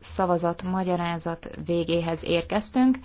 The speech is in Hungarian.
szavazat magyarázat végéhez érkeztünk.